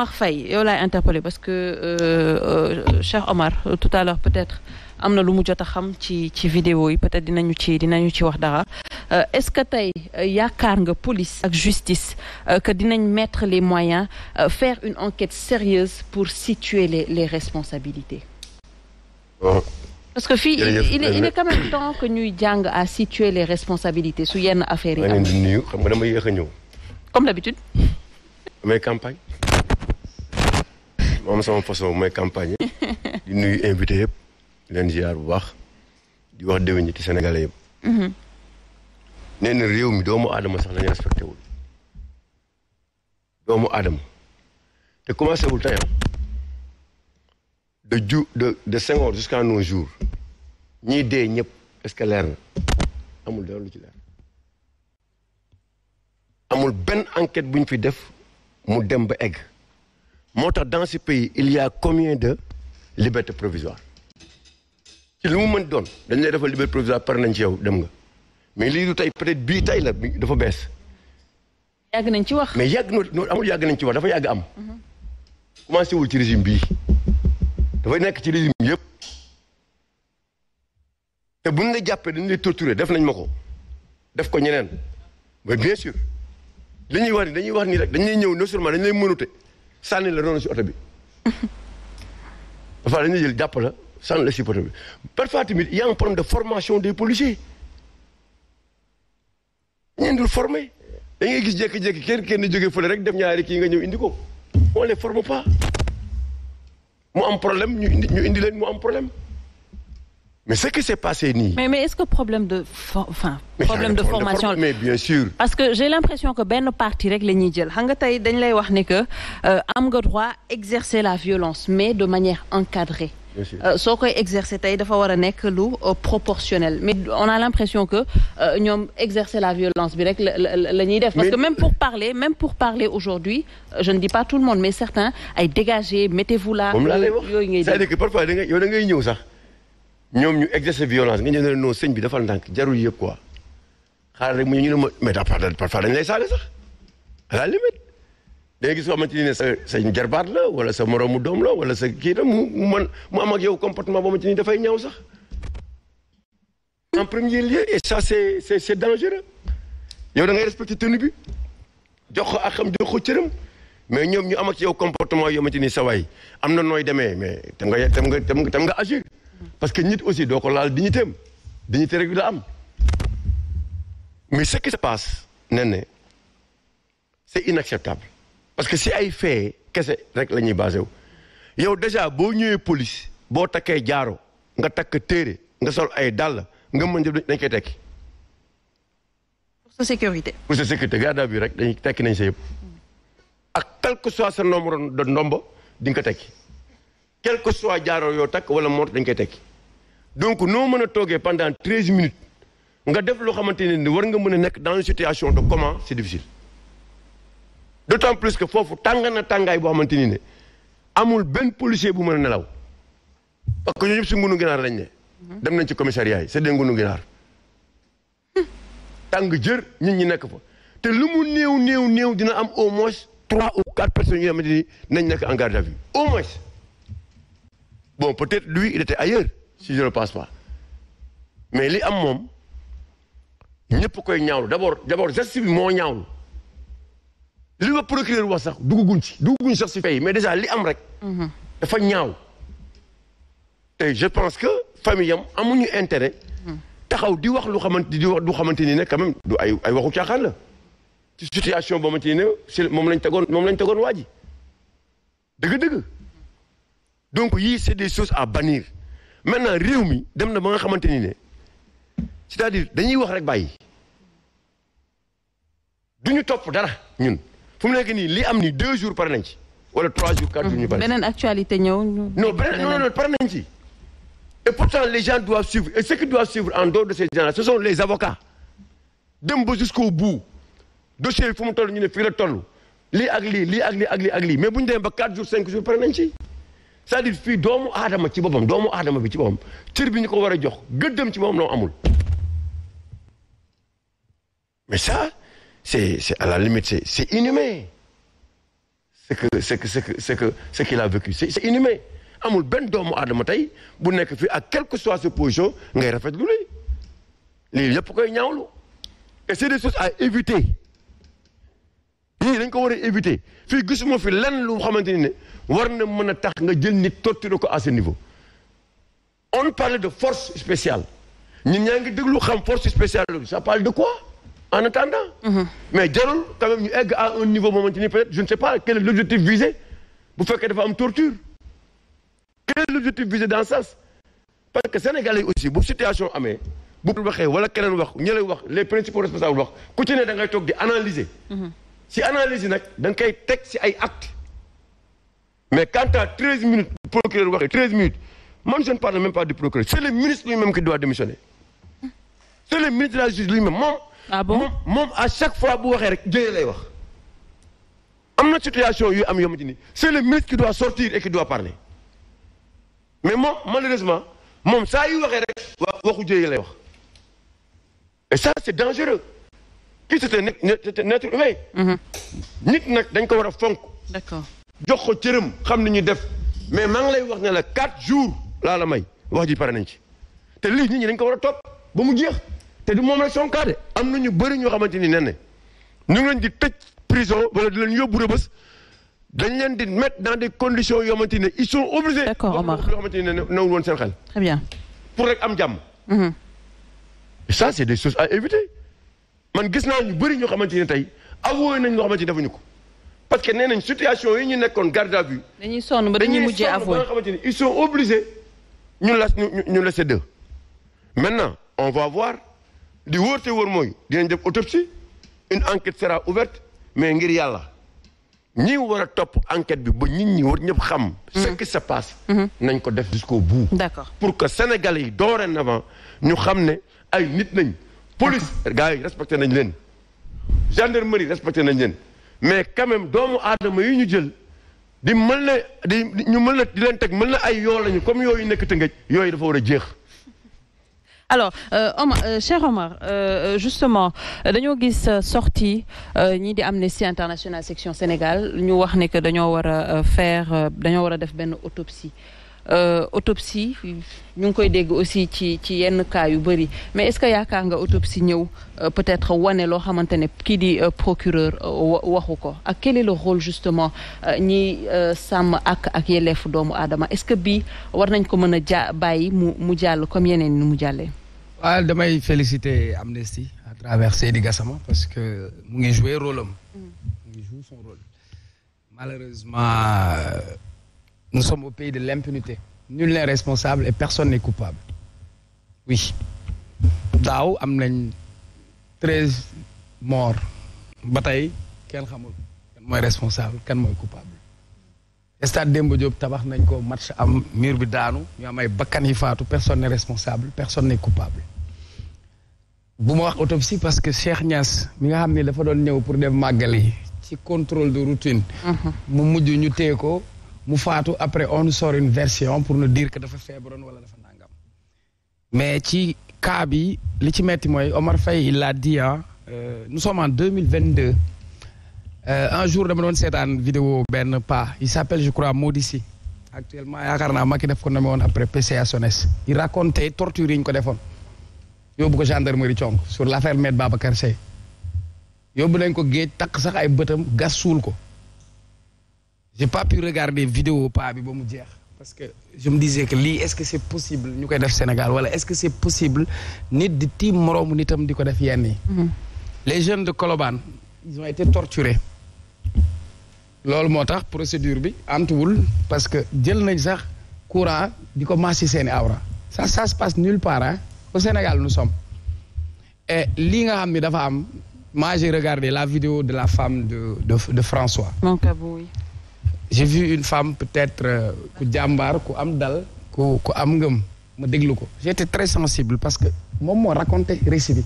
Omar Faye yow laay interpellé parce que euh, euh, Cheikh Omar tout à l'heure peut-être am na lu mu jot a xam ci ci vidéo yi peut-être dinañu ci dinañu ci wax dara euh, est-ce que tey yaakaar nga police ak justice que dinañ mettre les moyens faire une enquête sérieuse pour situer les les responsabilités parce que fii il est il est ñuy jàng à situer les responsabilités su yenn affaires yi am. xam nga dama yéex a ñëw. comme d'habitude. mais campagne. moom sama façon mooy campagne di nuyu invité yëpp di leen ziar bu baax di wax déwén ci Sénégalais yëpp. Mm-hmm. nee na réew mi doomu aadama sax la ñu respecté doomu aadama te commencé wul tey de ju de de cinq heures jusqu'à nos jours ñiy dee ñëpp est-ce que leer na amul dara lu ci leer amul benn enquête buñ fi def mu dem ba egg. moo tax dans ce pays il y a de liberté provisoire ci li mu mën doon dañ lay defal liberté provisoire par nañ ci yow dem nga mais lii du tey peut-être bii tey la dafa bees. yàgg nañ ci wax. mais yàgg no amul yàgg nañ ci wax dafa yàgg am. Mhm. commencé wul ci régime bii dafay nekk ci régime yëpp te buñ la jàppee dañ lay torturer def nañ ma ko def ko ñeneen mais bien sûr li ñuy wax ni dañuy wax nii rek dañ lay ñëw non seulement dañ lay mënute. sànni la noonu si oto bi. parfois dañuy jël jàpp la sànni la si oto bi parfois tamit y a un problème de formation des policiers ñeen dul formé da ngay gis jékki-jékki kenn kenn jógee fële rek dem ñaari kii nga ñëw indi ko on les forme pas mu am problème ñu indi ñu indi leen mu am problème. mais ce qui s'est passé mais mais ce que problème de fo enfin. parce que j'ai l'impression que benn parti rek la ñuy jël xam nga tey dañ lay wax ne que euh, am nga droit exercer la violence mais de manière encadrée. Euh, soo koy exercer tey dafa war a nekk lu euh, proportionnel mais on a l'impression que ñoom exercer la violence bi rek la la ñuy def. parce que même pour parler même pour parler aujourd'hui je ne dis pas tout le monde mais certains ay dégagez mettez-vous là. moom laa lay wax yooyu ngay def c'est-à-dire que parfois da ngay yow da ngay ñëw sax. ñoom ñu exercer violence nga ñëw ne noo sëñ bi dafal ndànk jarul yëpp ko xaaral rek mu ñu ne ma mais parfois dañ lay saaga sax à la limite day gis nga xamante ni ne sa sa jarbaat la wala sa moroomu doom la wala sa kii la man mu am ak yow comportement boo xamante ni dafay ñaaw sax en premier lieu et ça c'est c'est c'est dangereux yow da ngay respecté bi jox ko ak xam jox ko cëram mais ñoom ñu am ak yow comportement yoo xamante ni sa waay am na nooy demee mais tam nga tam nga tam nga agir parce que nit aussi doo ko laal dignité am dignité rek la am mais ce qui se passe nee na c'est inacceptable parce que si ay fee kese rek la ñuy basé wu yow déjà boo ñëwee police boo takkee jaaro nga takk téere nga sol ay dàll nga mën jëf dañ koy tekki. pour sa sécurité. pour sa bi rek dañuy tekki nañ sa ak quel que soit de ndombo di ko tekki. quel que soit jaaroo yoo takk wala montre dañ koy tekki donc noo mën a toogee pendant treize minutes nga def loo xamante ne ni war nga mën a nekk dans une situation de comment c'est difficile d'autant plus que foofu tàng na tàngaay boo xamante ni ne amul benn policier bu mën a nelaw parce que ñun si ngunu ginaar lañ ne. Mhm. dem nañ ci commissariat yi c'est des ngunu ginaar tàng jër nit ñi nekk fa te lu mu néew néew néew dina am au moins trois ou quatre personnes yoo xamante ni nañ nekk en garde à bon peut-être lui il était ailleurs si je ne pense mais li am moom ñëpp koy ñaawlu d'abord d'abord geste bi moo ñaawlu li ma procureur wax sax dugguñ ci dugguñ sax si fay mais déjà li am rek mhm. dafa ñaaw te je pense que famille am amuñu intérêt mhm. taxaw di wax lu xamante di wax du xamante ni ne quand du ay ay waxu caaxaan la ci situation boo xamante ni ne si moom lañ tegoon moom lañ tegoon waa ji donc yii c'est des choses à bannir maintenant réew mi dem na ba nga xamante ni ne c'est-à-dire dañuy wax rek bàyyi duñu ñu topp dara ñun fu mu nekk nii li am ni deux jours pare nañ ci wala trois jours quatre jours ñu pare. beneen actualité ñëw. non beneen non non pare nañ ci. et pourtant les gens doivent suivre et ceux qui doivent suivre en dehors de ces gens-là ce sont les avocats dem ba jusqu'au bout dossier bi fu mu ñu ne fii la toll lii ak lii lii ak lii ak lii ak lii mais bu ñu demee ba quatre jours cinq pare nañ ci. c'est-à-dire doomu aadama ci boppam doomu aadama bi ci boppam cër bi ñu ko war a jox gëddëm ci moom la amul mais ça c'est c'est à la limite c'est c'est inhumain ce que ce que ce que ce que amul benn doomu aadama tey bu nekk fii ak quelque que soit sa position ngay rafetlu lii lii yëpp koy ñaawlu et c'est des choses à éviter yii dañ ko war a éviter fii gisuma fi lan lu xamante ni ne war na mën a tax nga jël nit torturer ko à ce niveau on parle de force spéciale ñun ñaa ngi déglu xam force spéciale ça parle de quoi en attendant mm mais jarul quand même ñu egg à un niveau moomante ni peut-être je ne sais pas quel est l'objectif visé bu fekkee dafa am torture quel est l'objectif visé dans ce sens parce que sénégalais aussi bu situation ame bu waxee wala keneen wax ñu lay wax les principaux responsables wax ku ci da ngay toog di analyser mhm. si analyse yi nag da nga koy teg si ay actes mais quant à treize minutes procureur waxe treize minutes man je ne parle même pas du procureur c' est le ministre lui-même qui doit démissionner c' est le ministre de la justice lui-même moom. Ah à chaque fois bu waxee rek jëyee lay wax. am na situation yu am yoo xamante ni c' le ministre qui doit sortir et qui doit parler mais moom malheureusement moom saa yu waxee rek waxu jëyee lay wax et ça c' dangereux. kii c'est un être humain nit nag dañ ko war a fonk. d'accord jox ko cërëm xam ni ñu def mais maa lay wax ne la quatre jours laa la may wax ji pare nañ ci te lii nit ñi dañ ko war a topp ba mu jeex te du moom rek sonkaade am na ñu bëri ñoo xamante ni nee na ñu ngi leen di tëj prison wala di leen yóbbu rëbës dañ leen di mettre dans des conditions yoo xamante ne ils sont obligés. d'accord Omar yoo xamante ne nawul woon seen xel. très bien pour rek am jàmm. Mhm. ça c'est des choses à éviter. man gis naa ñu bëri ñoo xamante ne tey avoué nañu loo xamante ne defuñu ko parce que nee nañ situation yi ñu nekkoon garde à vue. dañuy sonn ba dañuy mujjee avoué dañuy sonn ba nga xamante ne ñu la ñu ñu laisser maintenant on va voir di wóor te wóor mooy dinañ def autopsie une enquête sera ouverte mais ngir yàlla ñi war a topp enquête bi ba nit ñi war ñëpp xam. ce mm-hmm. qui se passe. Mm-hmm. nañ ko def jusqu'au bout. d'accord pour que sénégalais yi dorénavant ñu xam ne ay nit nañ. police gars yi respecté nañ leen gendarmerie respecté nañ leen mais quand doomu aadama yi ñu jël di mën na di ñu mën di leen teg mën na ay yoo lañu comme yooyu nekk Tëngéej yooyu dafa war a jeex. alors euh, Omar euh, cher Omar euh, euh, justement euh, dañoo gis sortie ñii di Amnesty International section Sénégal ñu wax ne que dañoo war a faire dañoo war a def benn autopsie. Euh, autopsie ñu ngi koy dégg aussi ci ci yenn cas yu bëri mais est-ce que yaakaar nga autopsie ñëw euh, peut-être wane loo xamante ne kii di euh, procureur waxu ko ak quel est le rôle justement ñi sàmm ak ak yelleefu doomu aadama est-ce que bii war nañ ko mën a ja bàyyi mu mu jàll comme yeneen mu jàllee. waaw damay féliciter Amnesty à travers di gasama parce que mu ngi jouer rôle am. Mm. mu ngi jouer son rôle nous sommes au de l'impunité nul n'est responsable et personne n'est coupable oui am nañ treize morts ba tey kenn xamul kan mooy responsable kan mooy coupable stade Demba Diop tabax nañ ko match am mur bi daanu ñu am ay bakkan yi faatu personne n'est responsable personne n'est coupable bu ma wax autopsie parce que Cheikh Niass mi nga xam ni dafa doon ñëw pour def màggal ci contrôle de routine mhm. mu mujj ñu téye ko mu faatu après on nous sort une version pour nous dire que dafa feebaroon wala dafa nangam mais ci cas bi li ci metti mooy Omar Faye il la dit ah nous sommes deux vingt deux euh, un jour dama doon seetaan vidéo benn pas il s'appelle je crois Modissi actuellement yaakaar naa Macky def ko nommé woon après PCA SONES il racontait torture yi ñu ko defoon yóbbu ko gendarmerie cong sur l'affaire Maître Babacar Seye yóbbu lañ ko géej takk sax ay bëtam gas ko j'ai pas pu regarder pas bi mu jeex parce que je me disais ce que c'est ñu koy def Sénégal wala est-ce que c'est possible nit di tiim moroomu di ko def yenn yi mhm. les jeunes de Colobane ils ont été torturés loolu moo tax procédure bi antuwul parce que jël nañ sax courant di ko marché seeni awra ça ça se passe nulle part hein au Sénégal nous sommes et lii nga xam ni dafa am moi j'ai la vidéo de la femme de de, de François j'ai vu une femme peut-être euh, ku jàmbaar ku am dal ku ku am ngëm ma déglu ko j'étais très sensible parce que moom moo raconté récit bi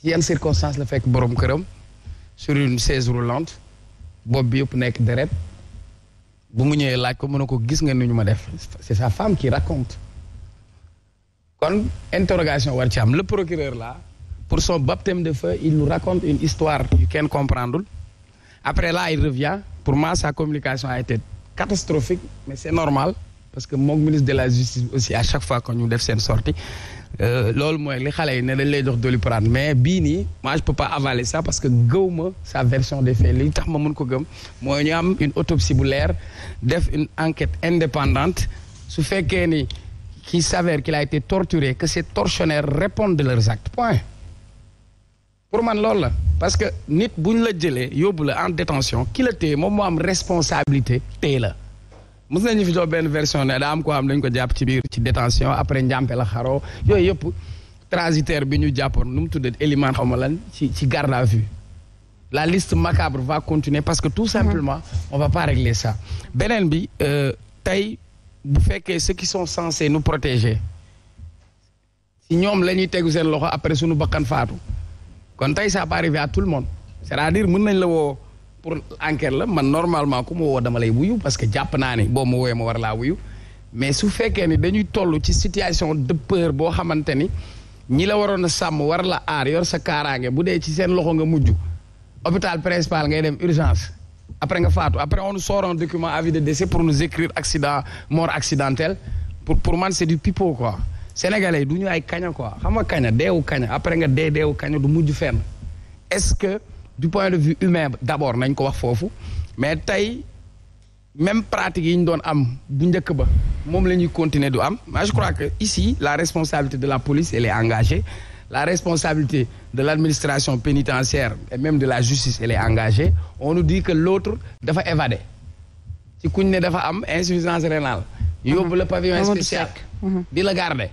ci yan circonstance la fekk borom këram sur une chaise roulante bopp bi yëpp nekk deret bu mu ñëwee laaj ko mën na ko gis nga ni ñu ma def c'est sa femme qui raconte kon interrogation war ci am le procureur la pour son baptême de feu il nous raconte une histoire yu kenn comprendre après là il revient pour moi sa communication a été catastrophique mais c'est normal parce que moom ministre de la justice aussi à chaque fois que ñu def seen sortie euh, loolu mooy li xale yi ne dañ lay jox Doliprane mais bii nii moi je peux pas avaler ça parce que gëw sa version des faits li tax ma mën ko gëm mooy ñu am une autopsie bu leer def une enquête indépendante su fekkee ni qu'il s'avère qu'il a été torturé que ces tortionnaires répondent de leurs actes point pour man loolu la parce que nit bu ñu la jëlee yóbbu la en détention ki la téye moom moo am responsabilité téye la mës nañu fi jox benn version ne daa am ko am dañ ko jàpp ci biir ci détention après njàmpe la xaroo yooyu yëpp transitaire bi ñu jàppoon nu mu tuddee éliment xaw ma lan ci ci garde à vue la liste macabre va continuer parce que tout simplement on va pas régler ça beneen bi euh, tey bu fekkee ceux qui sont censés nu protéger si ñoom lañuy tegu seen loxo après suñu bakkan kon tey ça peut arriver à tout le monde c'est-à-dire mën nañ la woo pour enquête la man normalement ku ma woo dama lay wuyu parce que jàpp naani boo ma wooyee ma war laa wuyu mais su fekkee ni dañuy toll ci situation de peur boo xamante ni ñi la waroon a sàmm war la aar yor sa kaaraange bu dee ci seen loxo nga mujj hôpital principal ngay dem urgence après nga faatu après on sort un document avis de décès pour nous écrire accident mort accidentel pour pour man c'est du pipeau sénégalais du ñu ay kaña quoi xam nga kaña deewu kaña après nga dee deewu kaña du mujj fenn est-ce que du point de vue humain d'abord nañ ko wax foofu mais tey même pratique yi ñu doon am bu njëkk ba moom la ñuy continuer du am mais je crois que ici la responsabilité de la police elle est engagée la responsabilité de l'administration pénitentiaire et même de la justice elle est engagée on nous dit que l'autre dafa évadé ci kuñ ne dafa am insuffisance rénale yóbbu la pavillon spécial mhm. di la garder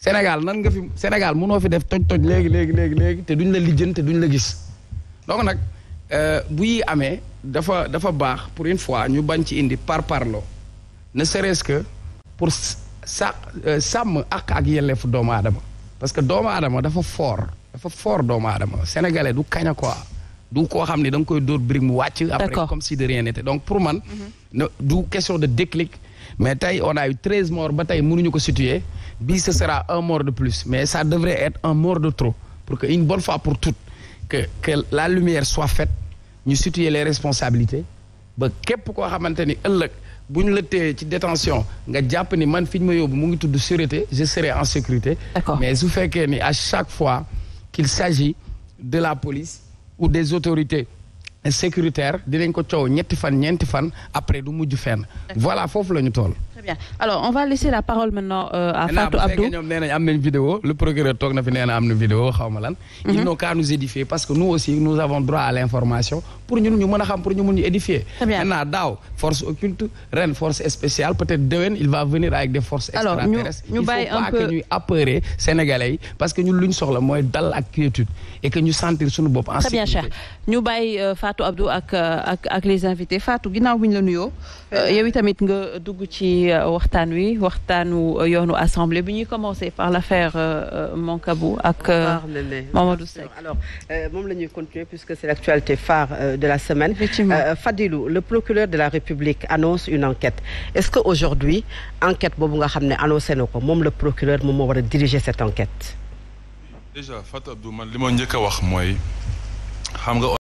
Sénégal nan nga fi Sénégal mënoo fi def toj-toj léegi léegi léegi léegi te duñ la lijjën te duñ la gis donc nag euh, bu amee dafa dafa baax pour une fois ñu bañ ci indi par parlo ne serait-ce que pour sa euh, sàmm ak ak yelleefu doomu adama parce que doomu aadama dafa fort dafa foor doomu aadama sénégalais du kaña quoi du koo xam ne da nga koy dóor brique mu wàcc. après comme si de rien n'était donc pour man. Mm-hmm. du question de déclique mais tey on a eu treize morts ba tey mënuñu ko situer bi ce sera un mort de plus mais ça devrait être un mort de trop pour que une bonne fois pour toutes que la lumière soit fait ñu situer les responsabilités ba képp koo xamante ni ëllëg bu ñu la téye ci détention nga jàpp ni man fi ñu ma yóbbu mu ngi tudd sûreté je serai en sécurité mais su fekkee ni à chaque fois qu'il s'agit de la police ou des autorités sécuritaires dinañ ko coow ñetti fan ñeenti fan après du mujj fenn voilà foofu la ñu toll très bien alors on va laisser la parole maintenant euh, à Fatou ñoom nee am nañ vidéo le procureur toog na fi nee am na vidéo xaw lan. Mhm. ils n'ont qu'à nous édifier parce que nous aussi nous avons droit à l'information pour ñu mën a xam pour ñu mun ñu édifier. très bien daaw force occulte ren force spéciale peut-être déwén il va venir avec des forces extraterrestres. alors ñu ñu il faut pas que ñuy apeurer sénégalais parce que ñun lu soxla mooy dal ak quiétude et que ñu sentir ci euh, waxtaan wi waxtaanu euh, yoonu assemblée bi ñuy commencé par l' affaire euh, Mancabou ak Mamadou Seck alors moom la ñuy continuer puisque c' est l' actualité phare de la semaine Fadilou le procureur de la République annonce une enquête est ce que aujourd'hui enquête boobu nga xam ne annoncé na ko moom le procureur moom moo war a diriger cette enquête déjà Fatou Abdou man li ma njëkk a wax mooy xam nga